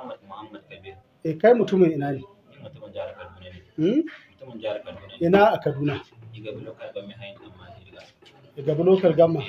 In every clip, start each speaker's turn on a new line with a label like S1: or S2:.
S1: Ahmad Muhammad Kabir.
S2: Eh kai mutumin ina ne?
S1: Mutumin jihar Kaduna ne. Hmm? Mutumin jihar Kaduna ne. Ina a Kaduna. Iga bulokar gama amma
S2: Iga. Iga gama.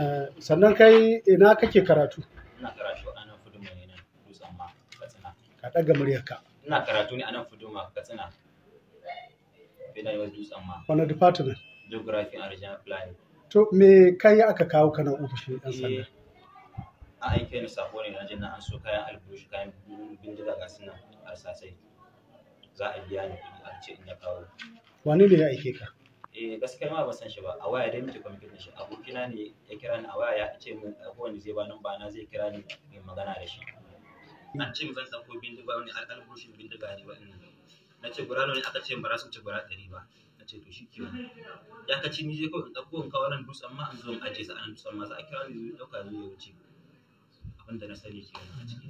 S2: Eh, sannan kai ina kake karatu?
S1: Ina karatu a nan nan Dutsen ma Katsina. Ka ɗaga muryarka. Ina karatu ne a nan Katsina. Bina yau Dutsen ma. Wani department? Geography and Regional Planning.
S2: To me kai aka kawo kana ofishin ɗan
S1: sanda? Eh, A aike ni sako ne na je an so kayan alburushi kayan bindiga ga suna harsasai za a biya ni kuɗi an ce in ya kawo
S2: wani ne ya aike ka
S1: eh gaskiya ma ba san shi ba a waya dai muke kwamitin shi abokina ne ya kira ni a waya ya ce min kowane zai ba nan ba na zai kira ni mai magana da shi an ce min zan sako bindiga wani alburushin bindiga ne wa'annan na ce gura ne aka ce ba za su ci gura ɗari ba na ce to shi ke ya ka ci ni je kawai in ɗauko in kawo nan dutsen ma in zo in ajiye sa a nan dutsen ma za a kira ni zo ɗauka zo wuce wanda na sani ke a ciki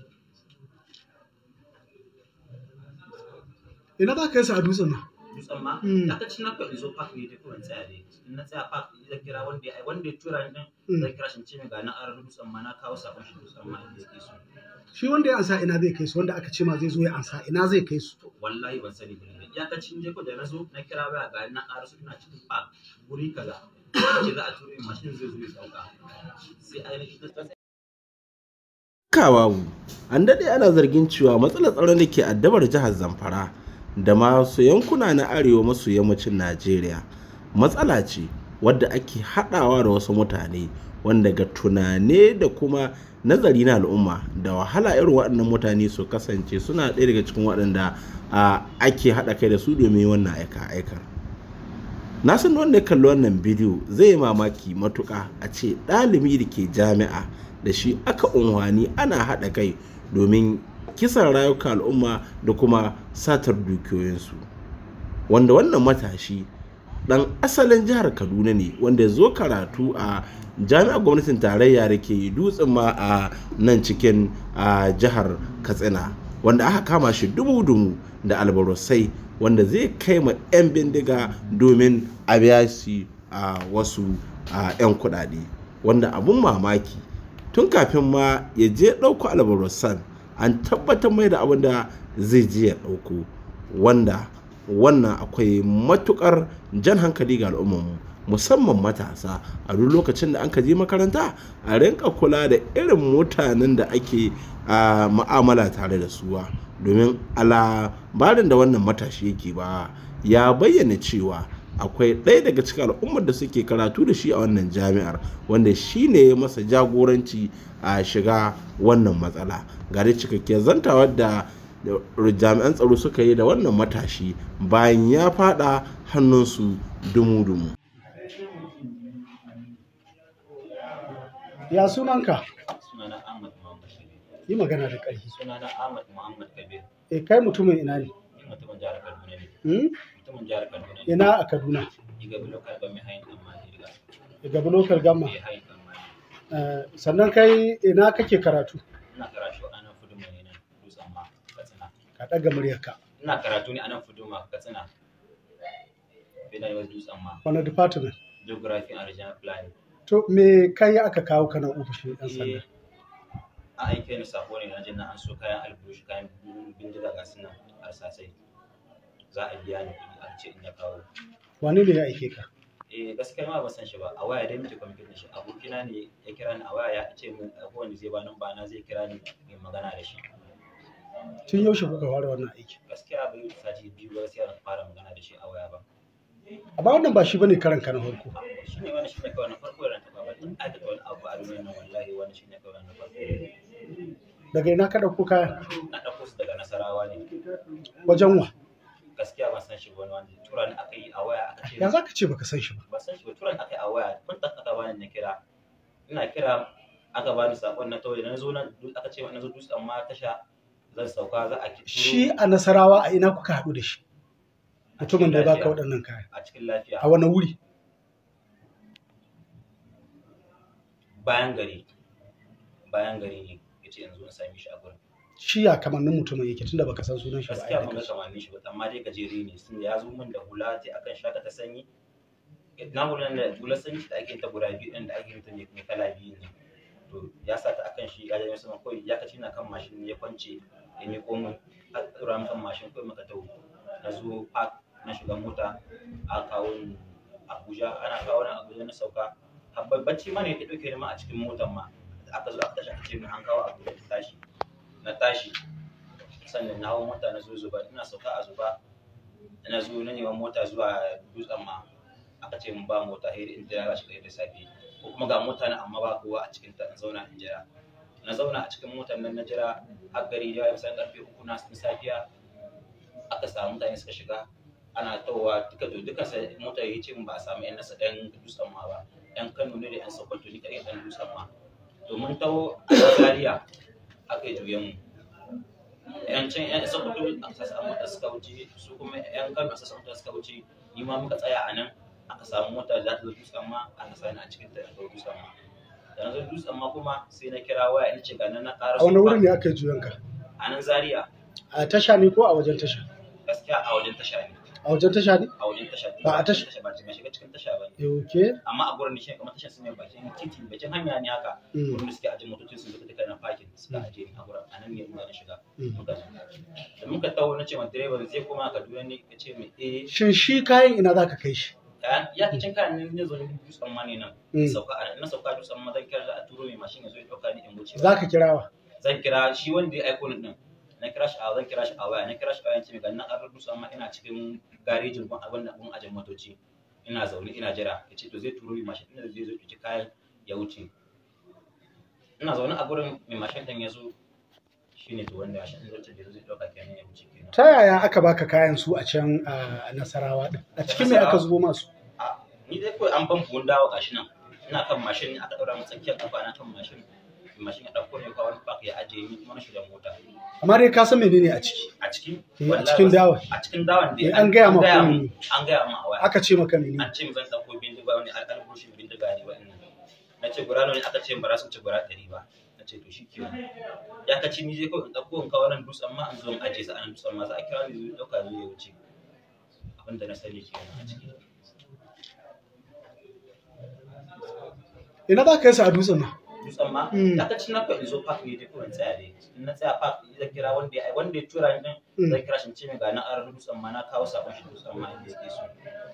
S2: ina za ka yi sa a dutsen nan
S1: dutsen ma da hmm. ta ci na kwa zo park ne ta kuma tsaya ne in na tsaya park zai kira wanda ya wanda ya tura ni hmm. zai kira shi ce mai ga na arar dutsen ma na kawo sabon shi dutsen ma inda yake so
S2: shi wanda ya ansa ina zai kai su wanda aka ce ma zai zo ya ansa ina zai kai su
S1: wallahi ban sani ba ya ka cin jeko ko da na zo na kira ba ga na arar su ina cikin park guri kaza ce za a turo mashin zai zo ya sauka. sai a yi
S3: Kawawu an daɗe ana zargin cewa matsalar tsaron da ke addabar jihar Zamfara da masu yankuna na arewa maso yammacin Najeriya matsala ce wadda ake haɗawa da wasu mutane wanda ga tunane da kuma nazari na al'umma da wahala irin waɗannan mutane su kasance suna ɗaya daga cikin waɗanda ake haɗa kai da su domin wannan aika aika Na san wanda ya kalli wannan bidiyo zai yi mamaki matuƙa a ce ɗalibi da ke jami'a da shi aka unwani ana haɗa kai domin kisan rayuka al'umma da kuma satar dukiyoyinsu wanda wannan matashi ɗan asalin jihar kaduna ne wanda zo karatu a jami'ar gwamnatin tarayya da ke dutsen ma a nan cikin a jihar katsina wanda aka kama shi dubu dumu da albarosai wanda zai kai ma 'yan bindiga domin a biya shi a wasu 'yan kudade wanda abun mamaki tun kafin ma ya je ɗauko albarosan an tabbatar mai da abin da zai je ya ɗauko wanda wannan akwai matukar jan hankali ga al'ummarmu musamman matasa a duk lokacin da an ka je makaranta a rinka kula da irin mutanen da ake ma'amala tare da suwa domin alabarin da wannan matashi yake ba ya bayyana cewa akwai ɗaya daga cikin al'ummar da suke karatu da shi a wannan jami'ar wanda shi ne ya masa jagoranci a shiga wannan matsala gari cikakkiyar zantawar da jami'an tsaro suka yi da wannan matashi bayan ya fada hannunsu dumu-dumu ya sunanka
S1: sunana ahmad muhammad yi magana da ƙarfi sunana ahmad muhammad kabir
S2: eh kai mutumin ina ne
S1: mutumin jihar kaduna ne hmm? mutumin jihar kaduna ina a kaduna
S2: daga bulokar gamma eh, eh, sannan kai ina kake karatu
S1: ina karatu a nan fuduma ne nan dutsen ma katsina ka daga muryarka ina karatu ne a nan fuduma katsina bina yi dutsen ma wani department geography and regional planning
S2: to me kai aka kawo ka nan ofishin yan sanda
S1: eh, a aike ni sako ne na je na an so kayan albushi kayan bindiga ga sunan harsasai za a biya ni kuɗi an ce in ya kawo
S2: wani ne ya aike ka
S1: eh gaskiya ma ban san shi ba a waya dai muke communication shi abokina ne ya kira ni a waya ya ce min kowane zai ba nan ba na zai kira ni mai magana da shi
S2: tun yaushe kuka fara wannan aiki
S1: gaskiya ba yi sati biyu ba sai na fara magana da shi a waya ba
S2: a ba wannan ba shi bane karan ka na farko
S1: shi ne wani shi ne kawai na farko da na ba in aka wani abu a duniyar nan wallahi wani shi ne kawai na farko
S2: daga ina ka ɗauko kaya
S1: na ɗauko su daga nasarawa ne wajen wa gaskiya ban san shi ba wani wanda tura ni aka yi a waya aka ce ya zaka ce baka san shi ba ba san shi ba tura ni aka yi a waya kun ta aka bani na kira ina kira aka bani sakon na tawaye na zo nan aka ce na zo dutse amma tasha zan sauka za a ki
S2: shi a nasarawa a ina kuka haɗu da shi mutumin da ya baka waɗannan kaya
S1: a cikin lafiya a wani wuri bayan gari bayan gari ne yace yanzu in same shi a gurin
S2: shiya kamar kamannin mutumin yake tunda baka san sunan shi ba gaskiya ban ga kamannin
S1: shi ba amma dai gajere ne sun ya zo min da hula ce akan shaka ta sanyi na hula da hula sanyi ta ake ta guda biyu din da ake ta mai kala biyu ne to ya sa ta akan shi ya sama kawai ya kace na kan mashin ya kwance ya mi komo a tsura kan mashin kawai maka tawo na zo park na shiga mota a kawo ni Abuja ana kawo ni Abuja na sauka bacci ma ne ya dauke ni ma a cikin motar ma aka zo aka tashi a ce mun an kawo Abuja ta tashi na tashi sannan na hau mota na zo zuba ina sauka a zuba na zo na neman mota zuwa dutsen ma aka ce mun ba mota sai in jira shi da safe ko kuma ga mota na amma ba kowa a cikin ta in zauna in jira na zauna a cikin motar nan na jira har gari ya yi kusan karfe uku na safiya aka samu mutane suka shiga ana tawa duka to duka sai motar ya ce ba a samu yan nasa dan dutsen ma ba yan kano ne da yan sokoto ni kaɗai ɗan dutsen ma domin tawo a Zariya. aka yi juyen mu
S3: yan can yan isa sokoto aka samu mota
S1: suka wuce su kuma yan kano aka samu mota suka wuce ni ma muka tsaya a nan aka samu mota za ta zo dutsen ma aka sani a cikin ta zo dutsen amma da na zo dutsen kuma sai na kira waya in ce ga nan na ƙara a wani wurin
S2: ne aka yi juyen ka
S1: a nan zaria
S2: a tasha ne ko a wajen tasha
S1: gaskiya a wajen tasha ne
S2: a wajen tasha ne a wajen
S1: tasha ba a tasha ba ta shiga cikin tasha ba ne eh, okay amma a gurin shi kamar tasha sune bakin titi bakin hanya ne haka mm. gurin da suke aje motocin su suka tafi na mm. suka aje ni a gurin anan ne mm. muka shiga da muka tawo na ce ma driver zai koma Kaduna ne ka ce mai eh
S2: shin shi kayan ina zaka kai shi
S1: ya ka kicin kayan ne ne zo ne dutsen ma ne nan sauka na sauka dutsen ma zan kira a turo mai mashin ya zo ya dauka ni in wuce za ka kira wa? zan kira shi wanda ya aiko ni din na crash a zan kira shi a waya na kira shi a waya ce mai ganin an rubuta amma ina cikin garejin gun abin da ajin motoci ina zaune ina jira ya ce to zai turo mai mashin ɗin da zai zo ki kayan ya wuce ina zaune a gurin mai mashin ɗin ya zo shine to wanda mashin ɗin zai zo zai ɗauka kenan ya wuce
S2: kenan ta yaya aka baka kayan su a can a nasarawa din a cikin me aka zubo masu
S1: ni dai kawai an ban buhun dawo gashi nan ina kan mashin aka daura mu tsakiyar kafa na kan mashin mashin ya ɗauko ne ko wani park ya ajiye ni kuma na mota
S2: amma ka san menene a ciki
S1: a ciki eh, a cikin dawa. a cikin dawa ne. Eh, an gaya ma komai an gaya ma waya aka ce maka menene an ce min zan ɗauko bindiga wani an ɗauko shi bindiga ne wa'annan na ce gura ne aka ce ba za su ci gura ɗari ba na ce to shi ke ya ka ci ni je ko in ɗauko in kawo nan dutsen ma an zo in ajiye sa an dutsen ma za a kira ni zuwa ɗauka zuwa ya wuce abin da na sani ke a ciki
S2: ina za ka yi sa a dutsen nan
S1: dutsen ma mm. daga cin na in zo park ne dai kuma tsaya dai in na tsaya park zai kira wanda ya wanda ya tura ni mm. zan kira shi ce mai ga na arar dutsen ma na kawo sabon shi dutsen ma inda yake so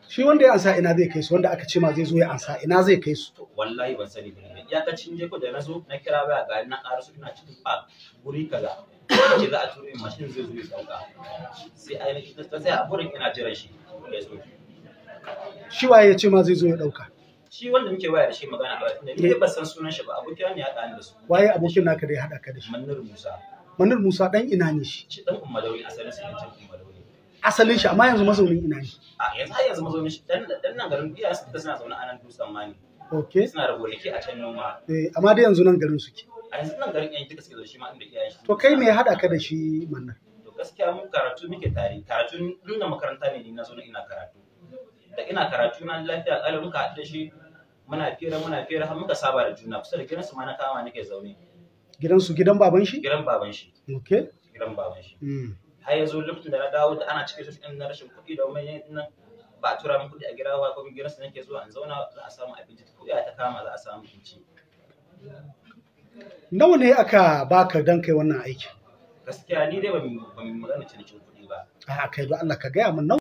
S2: shi wanda ya ansa ina zai kai su wanda aka ce ma zai zo ya ansa ina zai kai su
S1: wallahi ban sani ba ya ka je ko da na zo na kira waya ga na arar su ina cikin park guri kaza ce za a turo min mashin zai zo ya dauka sai a yi na tsaya a gurin ina jiran shi ya zo
S2: shi waye ya ce ma zai zo ya ɗauka?
S1: shi wanda muke waya da shi magana a tunda ni ba san sunan shi ba Abokina ne ya haɗa da su
S2: waye abokin naka da ya haɗa ka da shi Manir Musa Manir Musa dan ina ne shi
S1: shi dan Ummadawi asalin sa ne Ummadawi
S2: asalin shi amma yanzu mazaunin ina ne
S1: a yanzu har yanzu mazaunin shi dan dan nan garin biya su suna zaune a nan dusan mani okay suna da gonaki a can noma
S2: eh amma dai yanzu nan garin suke
S1: a yanzu nan garin yan duka suke zo shi ma inda iyayen shi to kai me ya haɗa ka
S2: da shi Manir
S1: to gaskiya mun karatu muke tare karatu din makaranta ne ni na zo ina karatu da ina karatu na lafiya ƙalar muka haɗu da shi muna fira muna fira har muka saba da juna kusa da gidansu ma na kama nake zaune
S2: gidansu gidan baban shi
S1: gidan baban shi okay gidan baban shi mm. har yanzu lokacin da na dawo da ana cikin rashin na rashin kuɗi da wani nan ba tura min kuɗi a gida ba ko su nake zuwa in zauna za a samu abinci ko ya ta kama za a samu abinci
S2: nawa ne aka baka dan kai wannan aikin
S1: gaskiya ni dai ban magana cin kuɗi ba A
S2: kai don Allah ka gaya min nawa